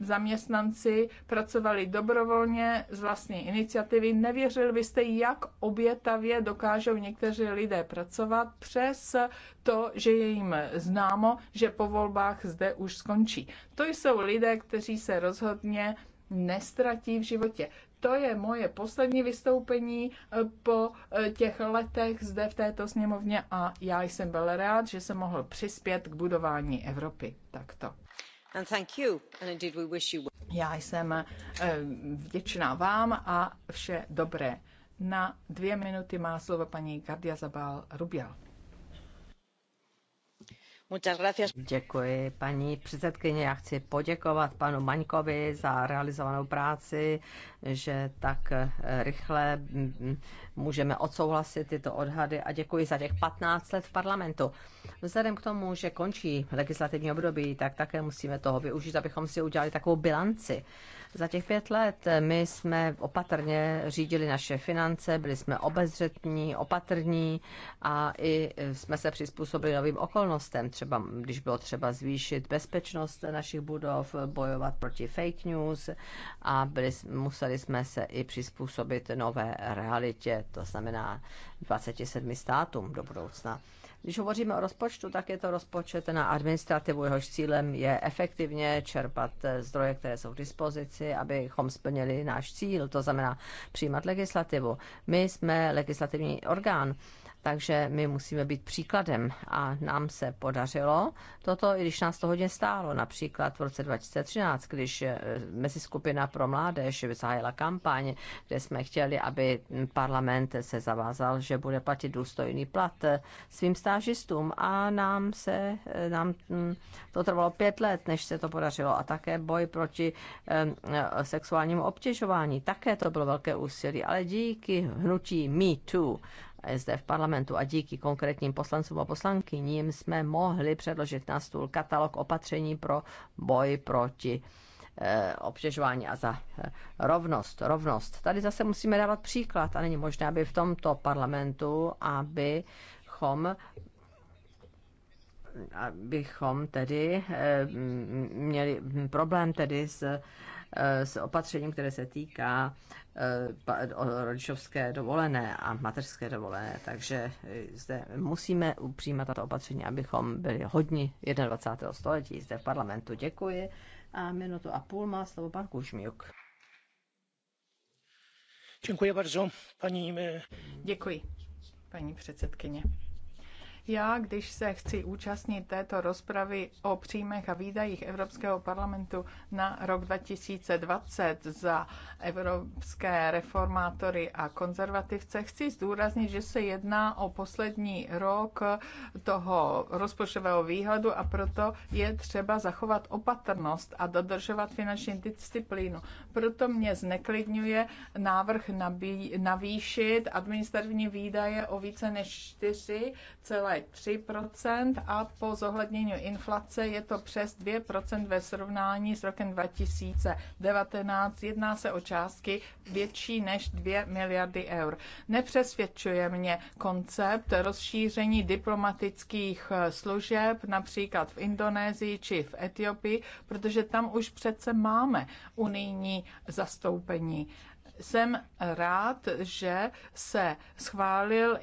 zaměstnanci pracovali dobrovolně z vlastní iniciativy. Nevěřili byste, jak obětavě dokážou někteří lidé pracovat přes to, že je jim známo, že po volbách zde už skončí. To jsou lidé, kteří se rozhodně nestratí v životě. To je moje poslední vystoupení eh, po eh, těch letech zde v této sněmovně a já jsem byl rád, že jsem mohl přispět k budování Evropy takto. Já jsem eh, vděčná vám a vše dobré. Na dvě minuty má slovo paní Gardia Zabal Rubial. Děkuji, paní předsedkyně. Já chci poděkovat panu Maňkovi za realizovanou práci, že tak eh, rychle mm, můžeme odsouhlasit tyto odhady a děkuji za těch 15 let v parlamentu. Vzhledem k tomu, že končí legislativní období, tak také musíme toho využít, abychom si udělali takovou bilanci za těch pět let my jsme opatrně řídili naše finance, byli jsme obezřetní, opatrní a i jsme se přizpůsobili novým okolnostem, třeba když bylo třeba zvýšit bezpečnost našich budov, bojovat proti fake news a byli, museli jsme se i přizpůsobit nové realitě, to znamená 27 státům do budoucna. Když hovoříme o rozpočtu, tak je to rozpočet na administrativu. Jehož cílem je efektivně čerpat zdroje, které jsou k dispozici, abychom splnili náš cíl, to znamená přijímat legislativu. My jsme legislativní orgán takže my musíme být příkladem a nám se podařilo toto, i když nás to hodně stálo. Například v roce 2013, když eh, mezi skupina pro mládež zahájila kampaň, kde jsme chtěli, aby parlament se zavázal, že bude platit důstojný plat eh, svým stážistům a nám se, eh, nám hm, to trvalo pět let, než se to podařilo. A také boj proti sexuálnímu obtěžování, také to bylo velké úsilí, ale díky hnutí Me Too zde v parlamentu a díky konkrétním poslancům a poslankyním jsme mohli předložit na stůl katalog opatření pro boj proti eh, obtěžování a za eh, rovnost, rovnost. Tady zase musíme dávat příklad a není možné, aby v tomto parlamentu, abychom abychom tedy eh, měli problém tedy s Eh, s opatřením, které se týká eh, rodičovské dovolené a mateřské dovolené. Takže eh, zde musíme upřímat tato opatření, abychom byli hodni 21. století. Zde v parlamentu děkuji a minutu a půl má slovo pan Kužmiuk. Děkuji bardzo, paní. Děkuji, paní předsedkyně. Já, když se chci účastnit této rozpravy o příjmech a výdajích Evropského parlamentu na rok 2020 za evropské reformátory a konzervativce, chci zdůraznit, že se jedná o poslední rok toho rozpočtového výhledu a proto je třeba zachovat opatrnost a dodržovat finanční disciplínu. Proto mě zneklidňuje návrh navýšit administrativní výdaje o více než 4,1 2,3 a po zohlednění inflace je to přes 2 ve srovnání s rokem 2019. Jedná se o částky větší než 2 miliardy eur. Nepřesvědčuje mě koncept rozšíření diplomatických služeb, například v Indonésii či v Etiopii, protože tam už přece máme unijní zastoupení jsem rád, že se schválil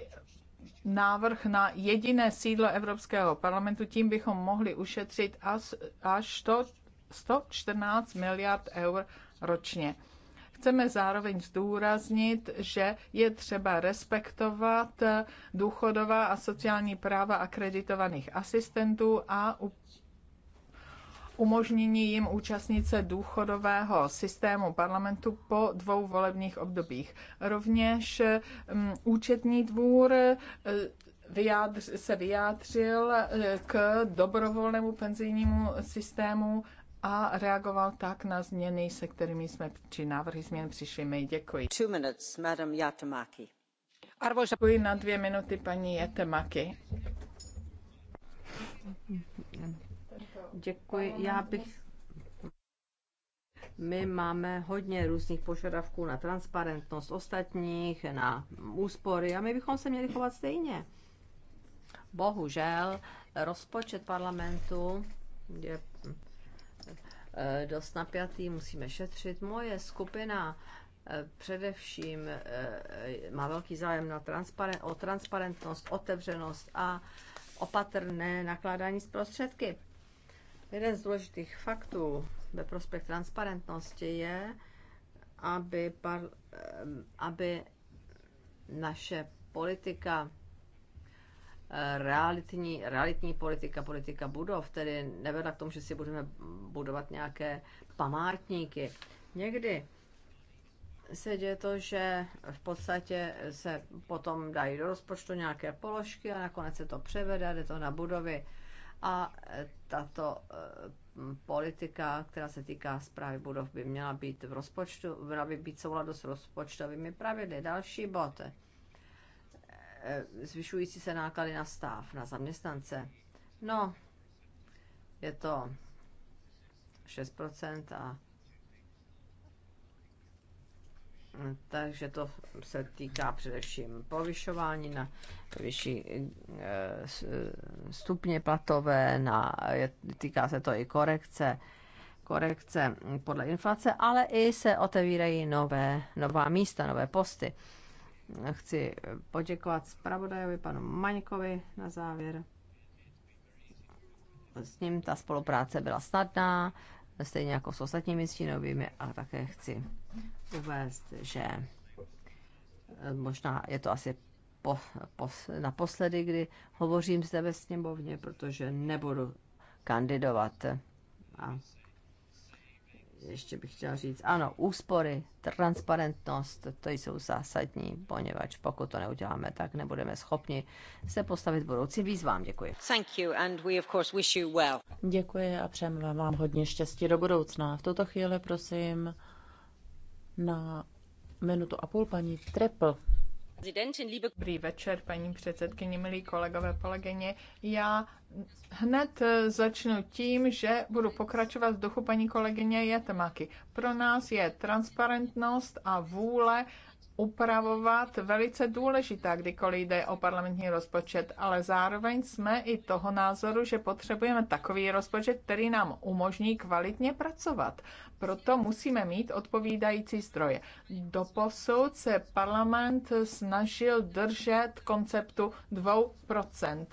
návrh na jediné sídlo Evropského parlamentu, tím bychom mohli ušetřit až, až to 114 miliard eur ročně. Chceme zároveň zdůraznit, že je třeba respektovat důchodová a sociální práva akreditovaných asistentů a umožnění jim účastnit se důchodového systému parlamentu po dvou volebních obdobích. Rovněž mm, účetní dvůr e, vyjádř, se vyjádřil e, k dobrovolnému penzijnímu systému a reagoval tak na změny, se kterými jsme či návrhy změn přišli my. Děkuji. Two minutes, Madam Yatamaki. Arvoisa... Děkuji na dvě minuty paní Jatemaki. Děkuji. Já bych. My máme hodně různých požadavků na transparentnost ostatních, na úspory a my bychom se měli chovat stejně. Bohužel rozpočet parlamentu je eh, dost napjatý, musíme šetřit. Moje skupina eh, především eh, má velký zájem na transparent, o transparentnost, otevřenost a opatrné nakládání s prostředky. Jeden z důležitých faktů ve prospěch transparentnosti je, aby, par, aby naše politika, eh, realitní, realitní politika, politika budov, tedy nevedla k tomu, že si budeme budovat nějaké památníky. Někdy se děje to, že v podstatě se potom dají do rozpočtu nějaké položky a nakonec se to převede, jde to na budovy a eh, tato eh, politika, která se týká zprávy budov, by měla být v rozpočtu, měla by být souladu s rozpočtovými pravidly. Další bod. Eh, zvyšující se náklady na stav, na zaměstnance. No, je to 6% a Takže to se týká především povyšování na vyšší eh, stupně platové, na, týká se to i korekce, korekce podle inflace, ale i se otevírají nové, nová místa, nové posty. Chci poděkovat zpravodajovi panu Maňkovi na závěr. S ním ta spolupráce byla snadná, stejně jako s ostatními stínovými, a také chci uvést, že eh, možná je to asi po, po, naposledy, kdy hovořím zde ve sněmovně, protože nebudu kandidovat. A ještě bych chtěla říct, ano, úspory, transparentnost, to jsou zásadní, poněvadž pokud to neuděláme, tak nebudeme schopni se postavit budoucím výzvám. Děkuji. Thank you and we of course wish you well. Děkuji a přejeme vám hodně štěstí do budoucna. V tuto chvíli prosím na minutu a půl paní Trepl. Dobrý večer, paní předsedkyně, milí kolegové, kolegyně. Já hned eh, začnu tím, že budu pokračovat v duchu paní kolegyně Jetemaky. Pro nás je transparentnost a vůle upravovat velice důležitá, kdykoliv jde o parlamentní rozpočet, ale zároveň jsme i toho názoru, že potřebujeme takový rozpočet, který nám umožní kvalitně pracovat. Proto musíme mít odpovídající zdroje. Doposud se parlament snažil držet konceptu 2%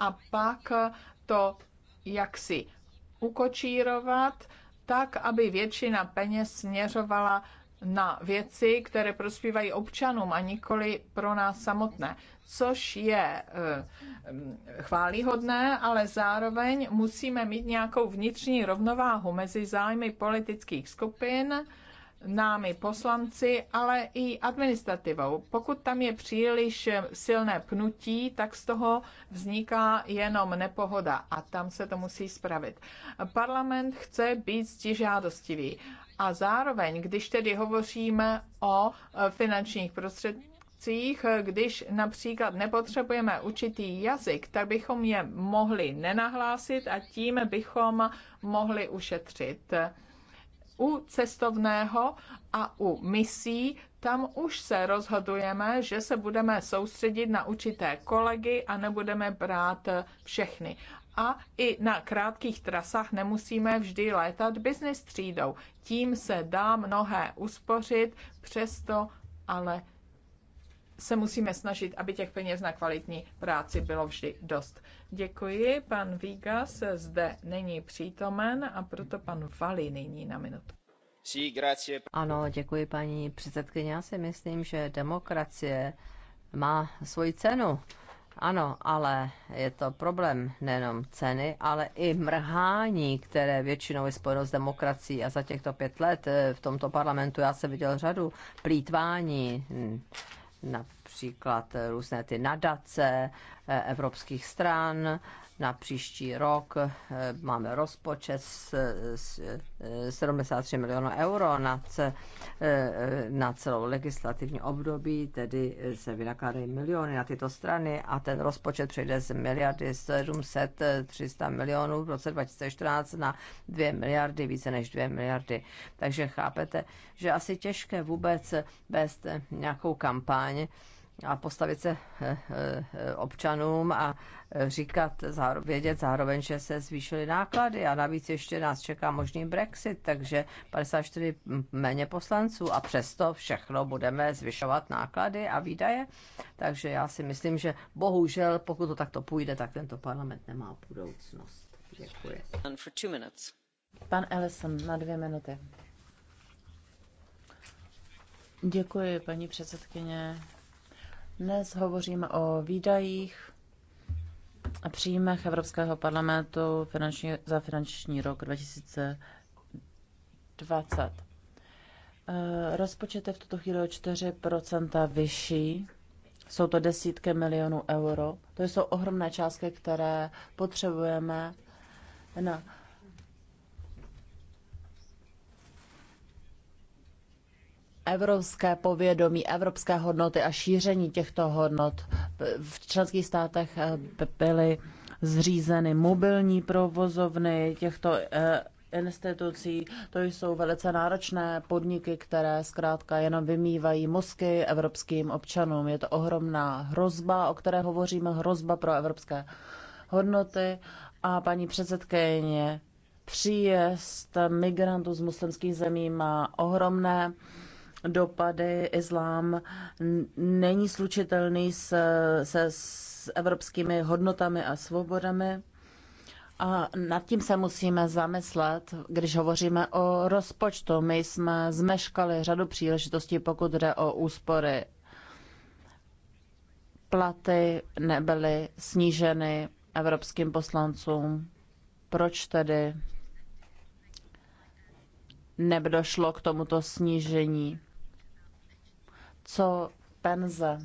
a pak to jaksi ukočírovat tak, aby většina peněz směřovala na věci, které prospívají občanům a nikoli pro nás samotné, což je eh, mm, chválihodné, ale zároveň musíme mít nějakou vnitřní rovnováhu mezi zájmy politických skupin, námi poslanci, ale i administrativou. Pokud tam je příliš silné pnutí, tak z toho vzniká jenom nepohoda a tam se to musí spravit. Parlament chce být stižádostivý a zároveň, když tedy hovoříme o e, finančních prostředcích, e, když například nepotřebujeme určitý jazyk, tak bychom je mohli nenahlásit a tím bychom mohli ušetřit. U cestovného a u misí tam už se rozhodujeme, že se budeme soustředit na určité kolegy a nebudeme brát všechny a i na krátkých trasách nemusíme vždy létat business třídou. Tím se dá mnohé uspořit, přesto ale se musíme snažit, aby těch peněz na kvalitní práci bylo vždy dost. Děkuji. Pan Vigas zde není přítomen a proto pan Vali nyní na minutu. Ano, děkuji paní předsedkyně. Já si myslím, že demokracie má svoji cenu ano, ale je to problém nejenom ceny, ale i mrhání, které většinou je spojeno s demokracií. A za těchto pět let eh, v tomto parlamentu já jsem viděl řadu plítvání hm, na například různé ty nadace eh, evropských stran. Na příští rok eh, máme rozpočet s, 73 eh, milionů euro na, na celou legislativní období, tedy se vynakládají miliony na tyto strany a ten rozpočet přejde z miliardy 700 300 milionů v roce 2014 na 2 miliardy, více než 2 miliardy. Takže chápete, že asi těžké vůbec vést nějakou kampaň, a postavit se eh, eh, občanům a eh, říkat, vědět zároveň, že se zvýšily náklady a navíc ještě nás čeká možný Brexit, takže 54 méně poslanců a přesto všechno budeme zvyšovat náklady a výdaje. Takže já si myslím, že bohužel, pokud to takto půjde, tak tento parlament nemá budoucnost. Děkuji. Pan Ellison na dvě minuty. Děkuji, paní předsedkyně. Dnes hovoříme o výdajích a příjmech Evropského parlamentu finanční, za finanční rok 2020. Eh, rozpočet je v tuto chvíli o 4 vyšší. Jsou to desítky milionů euro. To jsou ohromné částky, které potřebujeme na evropské povědomí, evropské hodnoty a šíření těchto hodnot. V členských státech eh, byly zřízeny mobilní provozovny těchto eh, institucí. To jsou velice náročné podniky, které zkrátka jenom vymývají mozky evropským občanům. Je to ohromná hrozba, o které hovoříme, hrozba pro evropské hodnoty. A paní předsedkyně, příjezd migrantů z muslimských zemí má ohromné dopady islám není slučitelný se, se s evropskými hodnotami a svobodami. A nad tím se musíme zamyslet, když hovoříme o rozpočtu. My jsme zmeškali řadu příležitostí, pokud jde o úspory. Platy nebyly sníženy evropským poslancům. Proč tedy nedošlo k tomuto snížení? co penze.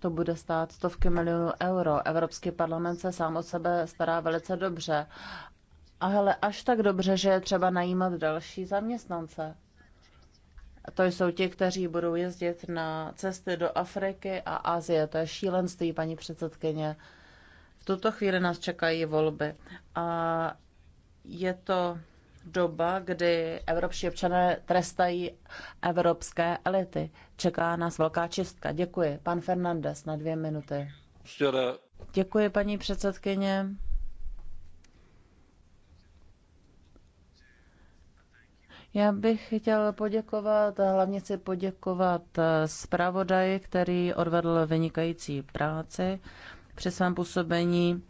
To bude stát stovky milionů euro. Evropský parlament se sám o sebe stará velice dobře. A hele, až tak dobře, že je třeba najímat další zaměstnance. To jsou ti, kteří budou jezdit na cesty do Afriky a Asie. To je šílenství, paní předsedkyně. V tuto chvíli nás čekají volby. A je to doba, kdy evropští občané trestají evropské elity. Čeká nás velká čistka. Děkuji. Pan Fernandez na dvě minuty. Děkuji, paní předsedkyně. Já bych chtěl poděkovat a hlavně chci poděkovat zpravodaji, který odvedl vynikající práci při svém působení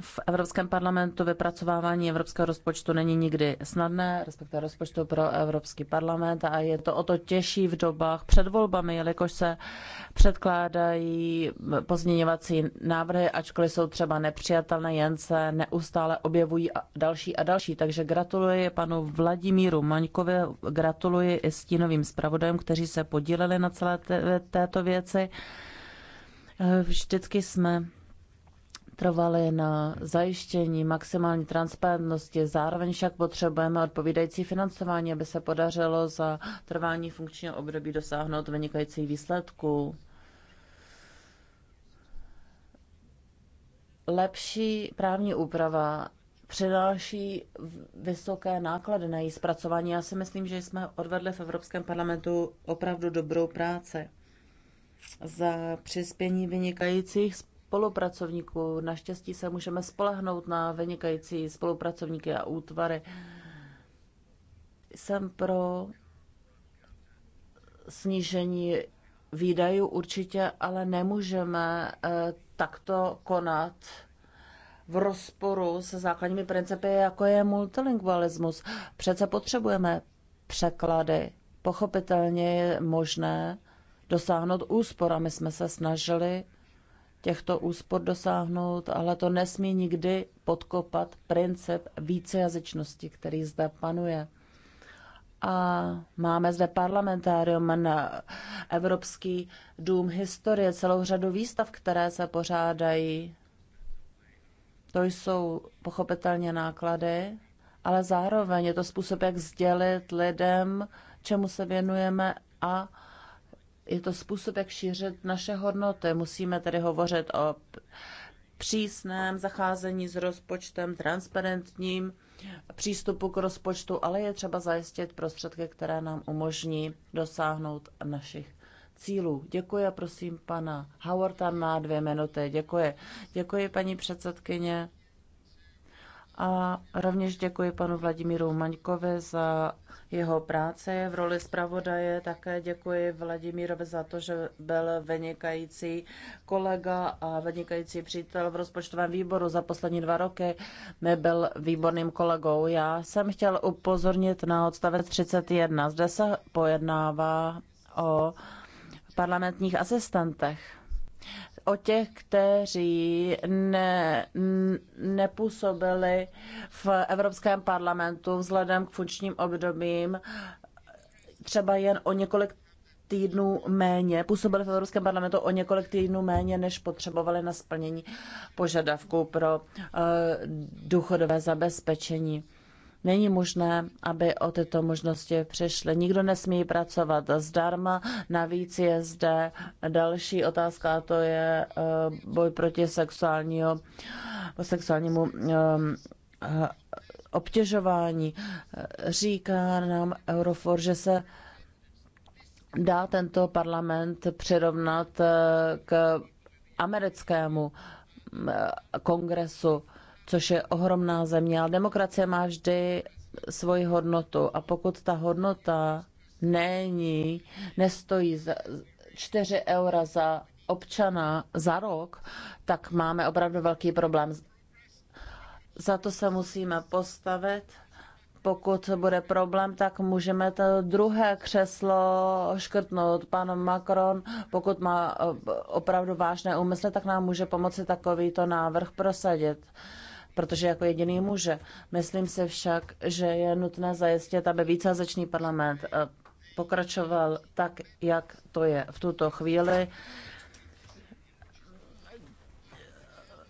v Evropském parlamentu vypracovávání evropského rozpočtu není nikdy snadné, respektive rozpočtu pro Evropský parlament a je to o to těžší v dobách před volbami, jelikož se předkládají pozměňovací návrhy, ačkoliv jsou třeba nepřijatelné, jen se neustále objevují další a další. Takže gratuluji panu Vladimíru Maňkovi, gratuluji i stínovým zpravodajům, kteří se podíleli na celé této věci. Vždycky jsme trvali na zajištění maximální transparentnosti. Zároveň však potřebujeme odpovídající financování, aby se podařilo za trvání funkčního období dosáhnout vynikající výsledků. Lepší právní úprava přináší vysoké náklady na její zpracování. Já si myslím, že jsme odvedli v Evropském parlamentu opravdu dobrou práci. Za přispění vynikajících spolupracovníků. Naštěstí se můžeme spolehnout na vynikající spolupracovníky a útvary. Jsem pro snížení výdajů určitě, ale nemůžeme eh, takto konat v rozporu se základními principy, jako je multilingualismus. Přece potřebujeme překlady. Pochopitelně je možné dosáhnout úspor a my jsme se snažili těchto úspor dosáhnout, ale to nesmí nikdy podkopat princip vícejazyčnosti, který zde panuje. A máme zde parlamentárium na Evropský dům historie, celou řadu výstav, které se pořádají. To jsou pochopitelně náklady, ale zároveň je to způsob, jak sdělit lidem, čemu se věnujeme a je to způsob, jak šířit naše hodnoty. Musíme tedy hovořit o přísném zacházení s rozpočtem, transparentním přístupu k rozpočtu, ale je třeba zajistit prostředky, které nám umožní dosáhnout našich cílů. Děkuji a prosím pana Howarda na dvě minuty. Děkuji. Děkuji paní předsedkyně. A rovněž děkuji panu Vladimíru Maňkovi za jeho práci v roli zpravodaje. Také děkuji Vladimírovi za to, že byl vynikající kolega a vynikající přítel v rozpočtovém výboru za poslední dva roky. My byl výborným kolegou. Já jsem chtěl upozornit na odstavec 31. Zde se pojednává o parlamentních asistentech o těch, kteří ne, nepůsobili v Evropském parlamentu vzhledem k funkčním obdobím třeba jen o několik týdnů méně, působili v Evropském parlamentu o několik týdnů méně, než potřebovali na splnění požadavků pro uh, důchodové zabezpečení. Není možné, aby o tyto možnosti přišly. Nikdo nesmí pracovat zdarma. Navíc je zde další otázka, a to je eh, boj proti sexuálního, sexuálnímu eh, obtěžování. Říká nám Eurofor, že se dá tento parlament přirovnat eh, k americkému kongresu což je ohromná země, ale demokracie má vždy svoji hodnotu a pokud ta hodnota není, nestojí za 4 eura za občana za rok, tak máme opravdu velký problém. Za to se musíme postavit. Pokud bude problém, tak můžeme to druhé křeslo škrtnout. Pan Macron, pokud má eh, opravdu vážné úmysly, tak nám může pomoci takovýto návrh prosadit protože jako jediný může. Myslím se však, že je nutné zajistit, aby vícejazyčný parlament eh, pokračoval tak, jak to je v tuto chvíli.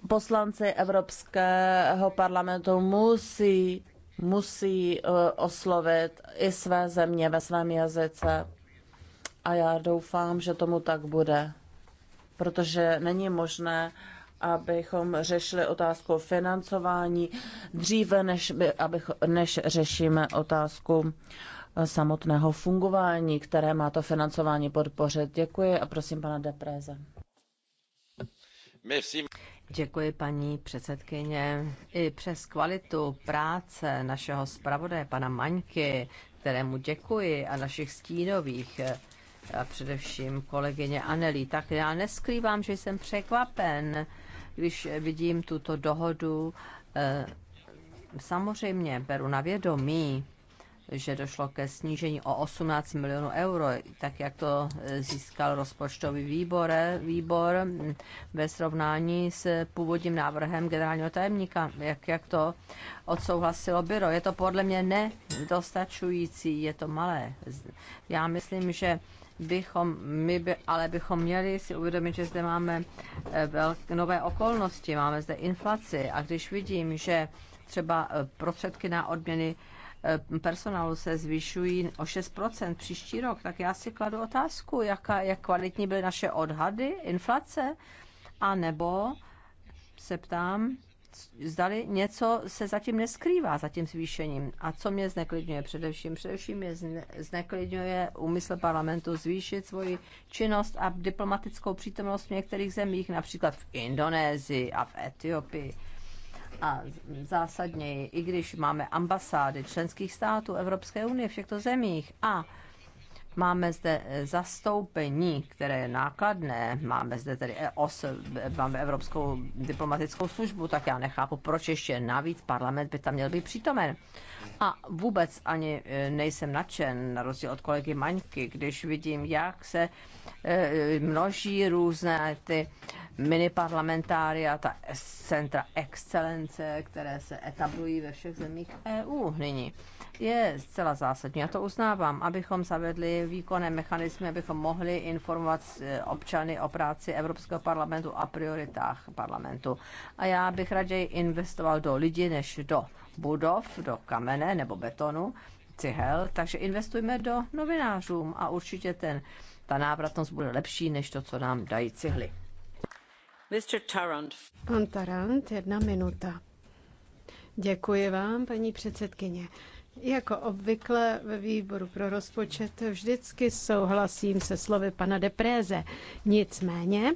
Poslanci Evropského parlamentu musí, musí eh, oslovit i své země ve svém jazyce. A já doufám, že tomu tak bude, protože není možné abychom řešili otázku financování dříve, než, by, abych, než řešíme otázku samotného fungování, které má to financování podpořit. Děkuji a prosím pana Depréze. Děkuji, paní předsedkyně. I přes kvalitu práce našeho zpravodaje, pana Maňky, kterému děkuji, a našich stínových, a především kolegyně Anelí, tak já neskrývám, že jsem překvapen když vidím tuto dohodu, eh, samozřejmě beru na vědomí, že došlo ke snížení o 18 milionů euro, tak jak to eh, získal rozpočtový výbor, eh, výbor hm, ve srovnání s původním návrhem generálního tajemníka, jak, jak to odsouhlasilo byro. Je to podle mě nedostačující, je to malé. Já myslím, že bychom, my by, ale bychom měli si uvědomit, že zde máme eh, velk, nové okolnosti, máme zde inflaci a když vidím, že třeba eh, prostředky na odměny eh, personálu se zvyšují o 6% příští rok, tak já si kladu otázku, jaká, jak kvalitní byly naše odhady inflace, a nebo se ptám, zdali něco se zatím neskrývá za tím zvýšením. A co mě zneklidňuje především? Především mě zneklidňuje úmysl parlamentu zvýšit svoji činnost a diplomatickou přítomnost v některých zemích, například v Indonésii a v Etiopii. A zásadněji, i když máme ambasády členských států Evropské unie v těchto zemích a Máme zde eh, zastoupení, které je nákladné, máme zde tedy EOS, eh, máme Evropskou diplomatickou službu, tak já nechápu, proč ještě navíc parlament by tam měl být přítomen. A vůbec ani eh, nejsem nadšen, na rozdíl od kolegy Maňky, když vidím, jak se množí různé ty miniparlamentária, ta centra excelence, které se etablují ve všech zemích EU nyní. Je zcela zásadní, já to uznávám, abychom zavedli výkonné mechanismy, abychom mohli informovat eh, občany o práci Evropského parlamentu a prioritách parlamentu. A já bych raději investoval do lidí než do budov, do kamene nebo betonu, cihel, takže investujme do novinářům a určitě ten, ta návratnost bude lepší než to, co nám dají cihly jedna minuta. Děkuji vám, paní předsedkyně. Jako obvykle ve výboru pro rozpočet vždycky souhlasím se slovy pana Depréze. Nicméně,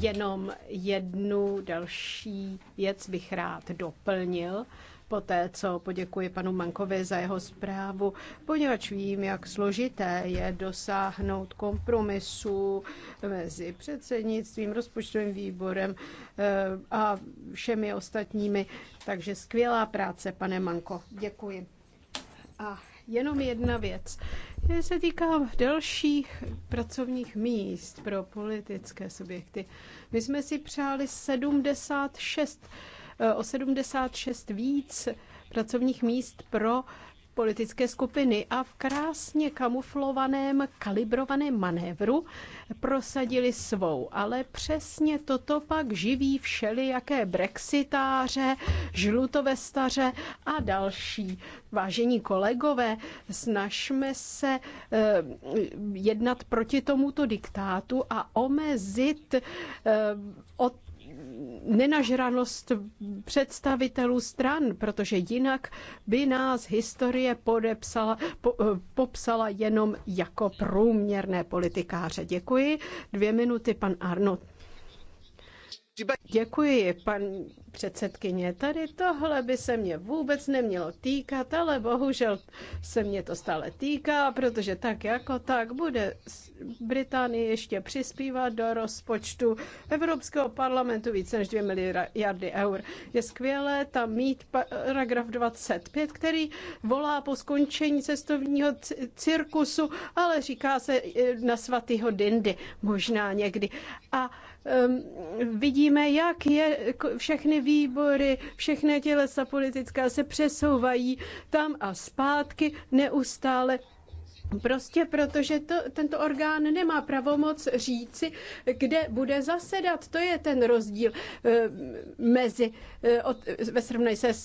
jenom jednu další věc bych rád doplnil poté co poděkuji panu Mankovi za jeho zprávu, poněvadž vím, jak složité je dosáhnout kompromisu mezi předsednictvím, rozpočtovým výborem eh, a všemi ostatními. Takže skvělá práce, pane Manko. Děkuji. A jenom jedna věc. Je se týká dalších pracovních míst pro politické subjekty. My jsme si přáli 76 Eh, o 76 víc pracovních míst pro politické skupiny a v krásně kamuflovaném, kalibrovaném manévru prosadili svou. Ale přesně toto pak živí všelijaké brexitáře, žlutovestaře a další. Vážení kolegové, snažme se eh, jednat proti tomuto diktátu a omezit eh, od nenažranost představitelů stran, protože jinak by nás historie podepsala, po, eh, popsala jenom jako průměrné politikáře. Děkuji. Dvě minuty, pan Arnold. Děkuji, paní předsedkyně. Tady tohle by se mě vůbec nemělo týkat, ale bohužel se mě to stále týká, protože tak jako tak bude Británie ještě přispívat do rozpočtu Evropského parlamentu více než 2 miliardy eur. Je skvělé tam mít paragraf 25, který volá po skončení cestovního cirkusu, ale říká se eh, na svatýho dindy, možná někdy. A Ehm, vidíme, jak je všechny výbory, všechny tělesa politická se přesouvají tam a zpátky neustále Prostě protože to, tento orgán nemá pravomoc říci, kde bude zasedat. To je ten rozdíl ehm, mezi, eh, od, ve srovnání se s